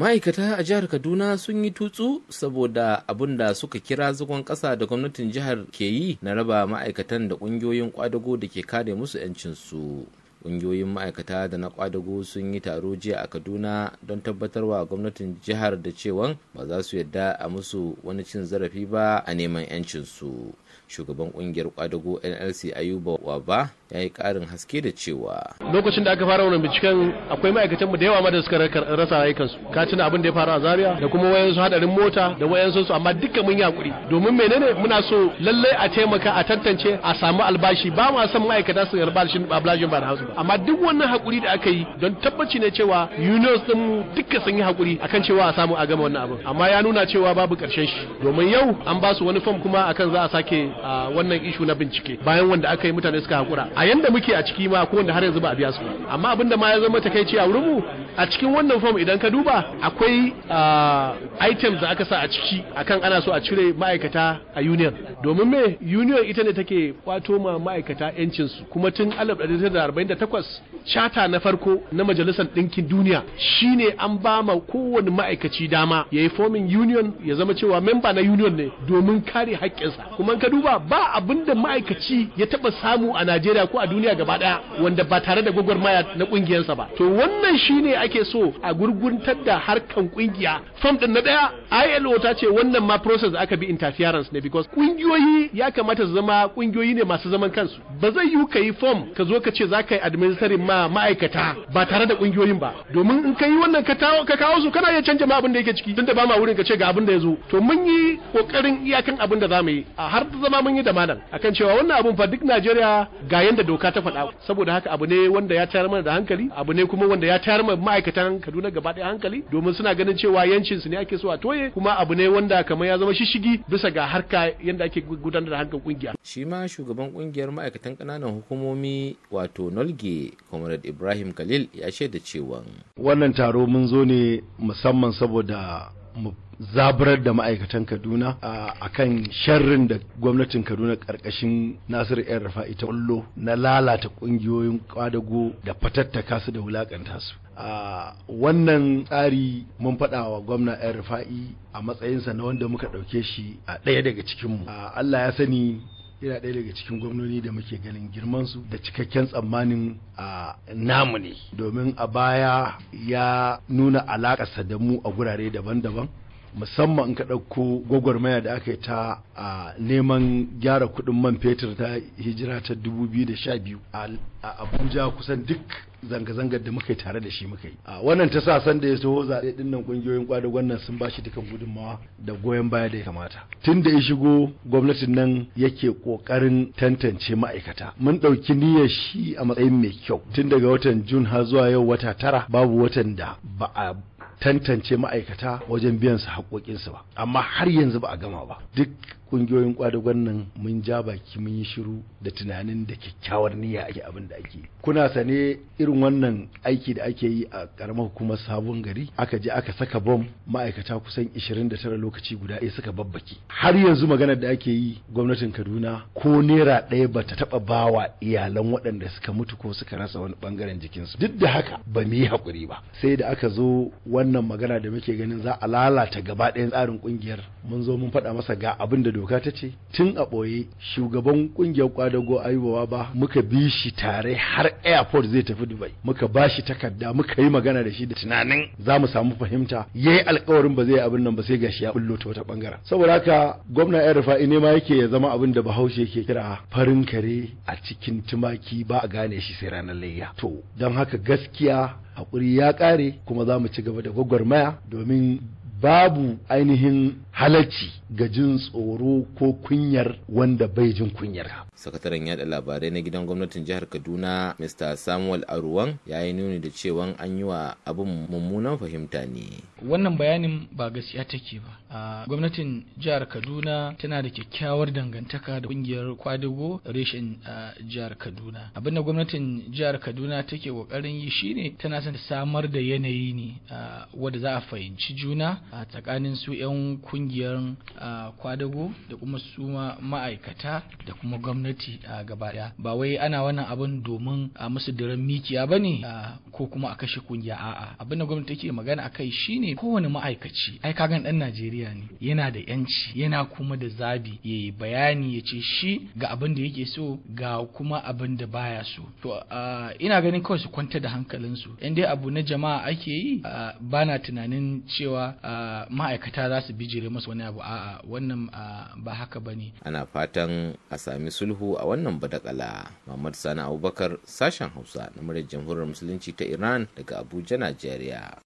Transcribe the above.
ma'aikata a jihar kaduna sun yi tutsu saboda abin da suka kira zagon ƙasa da gwamnatin jihar ke yi na raba ma'aikatan da ƙungiyoyin ƙwadago da ke kare musu 'yancinsu ƙungiyoyin ma'aikata da na kwadago sun yi taro jiya a kaduna don tabbatarwa gwamnatin jihar da cewa ba za su yadda a musu wani cin zarafi ba a neman 'yancinsu shugaban ƙungiyar kwadago nlc ayuba waba ya yi ƙarin haske da cewa lokacin da aka fara wannan binciken akwai ma'aikatanmu da yawa ma da suka rasa rayukansu ka tuna abin da ya faru a zaria da kuma wayansu hadarin mota da wayansu su amma dukkan mun yi hakuri domin menene muna so lallai a taimaka a tantance a samu albashi ba ma son ma'aikata su albashin albashin ba da hasu amma duk wannan hakuri da aka yi don tabbaci ne cewa Yunus din duka sun yi hakuri akan cewa a samu a gama wannan abin amma ya nuna cewa babu karshen shi domin yau an ba su wani fom kuma akan za a sake wannan ishu na bincike bayan wanda aka yi mutane suka hakura a yanda muke a ciki ma ko wanda har yanzu ba a biya su amma abinda ma ya zama takaici a wurin mu a cikin wannan fom idan ka duba akwai items da aka sa a ciki akan ana so a cire ma'aikata a union domin me union ita ne take kwato ma ma'aikata 'yancinsu kuma tun 1948 takwas chata na farko na majalisar ɗinkin duniya shine an ba ma kowane ma'aikaci dama Yayi yi forming union ya zama cewa memba na union ne domin kare haƙƙinsa kuma ka duba ba abin da ma'aikaci ya taɓa samu a najeriya ko a duniya gaba ɗaya wanda ba tare da gwagwarmaya na ƙungiyarsa ba to wannan shine ake so a gurguntar da harkan ƙungiya form ɗin na ɗaya ilo ta ce wannan ma process aka bi interference ne because ƙungiyoyi ya kamata su zama ƙungiyoyi ne masu zaman kansu ba zai yiwu ka yi fom ka zo ka ce za ka yi administering ma ma'aikata ba tare da kungiyoyin ba domin in ka yi wannan ka kawo su kana iya canja ma abin da yake ciki tunda ba ma wurin ka ce ga abin da ya zo to mun yi kokarin iyakan abin da za mu yi a har zama mun yi da malam akan cewa wannan abun fa duk Najeriya ga yanda doka ta faɗa saboda haka abu ne wanda ya tayar mana da hankali abu ne kuma wanda ya tayar mana ma'aikatan Kaduna gaba ɗaya hankali domin suna ganin cewa yancin su ne ake so a toye kuma abu ne wanda kamar ya zama shishigi bisa ga harka yanda ake gudanar da hankalin kungiya shi ma shugaban kungiyar ma'aikatan ƙananan hukumomi wato nolg Fage, Comrade Ibrahim Khalil ya shaida cewa. Wannan taro mun zo ne musamman saboda mu zaburar da ma'aikatan kaduna a kan sharrin da gwamnatin kaduna karkashin nasiru yan rafa ta ullo na lalata kungiyoyin kwadago da fatattaka su da wulakanta su a wannan tsari mun faɗa wa gwamna yan rufa'i a matsayinsa na wanda muka ɗauke shi a ɗaya daga cikinmu allah ya sani yana ɗaya daga cikin gwamnoni da muke ganin girmansu da cikakken tsammanin a namu ne domin a baya ya nuna alakarsa da mu a gurare daban-daban musamman in ka ɗauko gwagwarmaya da aka yi ta a neman gyara kuɗin man fetur ta hijira ta sha biyu. a abuja kusan duk zanga-zangar da muka yi tare da shi muka yi a wannan ta sa da ya so zaɓe ɗin nan ƙungiyoyin kwada Wannan sun bashi dukan gudunmawa da goyon baya da ya kamata tun da ya shigo gwamnatin nan yake ƙoƙarin tantance ma'aikata mun ɗauki niyyar shi a matsayin mai kyau tun daga watan jun har zuwa yau wata tara babu watan da ba a tantance ma'aikata wajen biyan su haƙoƙinsu ba amma har yanzu ba a gama ba duk kungiyoyin kwadagon nan mun ja baki mun yi shiru da tunanin da kyakkyawar niyya ake abin da ake kuna sane irin wannan aiki da ake yi a karamar hukumar sabon gari aka je aka saka bom ma'aikata kusan 29 lokaci guda ɗaya suka babbake har yanzu maganar da ake yi gwamnatin kaduna ko naira ɗaya ba ta taɓa bawa iyalan waɗanda suka mutu ko suka rasa wani ɓangaren jikinsu duk da haka ba mu yi haƙuri ba sai da aka zo wannan magana da muke ganin za a lalata gaba ɗayan tsarin ƙungiyar mun zo mun faɗa masa ga abin da doka ta ce tun a ɓoye shugaban ƙungiyar kwadago ayubawa ba muka bi shi tare har airport zai tafi dubai muka ba shi takarda muka yi magana da shi da tunanin za mu samu fahimta ya yi alkawarin ba zai yi abin nan ba sai gashi ya bullo ta wata bangaren saboda haka gwamna yan rufa'i ne ma yake ya zama abin da bahaushe ke kira farin kare a cikin tumaki ba a gane shi sai ranar layya to don haka gaskiya hakuri ya kare kuma za mu ci gaba da gwagwarmaya domin babu ainihin halacci ga jin tsoro ko kunyar wanda bai jin kunyar. Sakataren yada labarai na gidan gwamnatin jihar Kaduna Mr. Samuel Aruwan ya yi nuni da cewa an yi wa abin mummunan fahimta ne. Wannan bayanin ba gaskiya take ba. A gwamnatin jihar Kaduna tana da kyakkyawar dangantaka da kungiyar kwadago reshen jihar Kaduna. Abin da gwamnatin jihar Kaduna take kokarin yi shine tana son samar da yanayi ne wanda za a fahimci juna a tsakanin su 'yan kungiyar kungiyar kwadago da kuma su ma'aikata da kuma gwamnati a gaba daya ba wai ana wannan abin domin a musu diran mikiya ba ne ko kuma a kashe kungiya a'a abin da gwamnati take magana a kai shine kowane ma'aikaci ai gan dan Najeriya ne yana da yanci yana kuma da zabi ya yi bayani ya ce shi ga abin da yake so ga kuma abin da baya so to ina ganin kawai su kwanta da hankalinsu in dai abu na jama'a ake yi ba na tunanin cewa ma'aikata za su bijire masa wani abu a'a wannan ba haka bane ana fatan a sami sulhu a wannan badakala Muhammad Sani Abubakar sashen Hausa na muryar Jamhuriyar Musulunci ta Iran daga Abuja Najeriya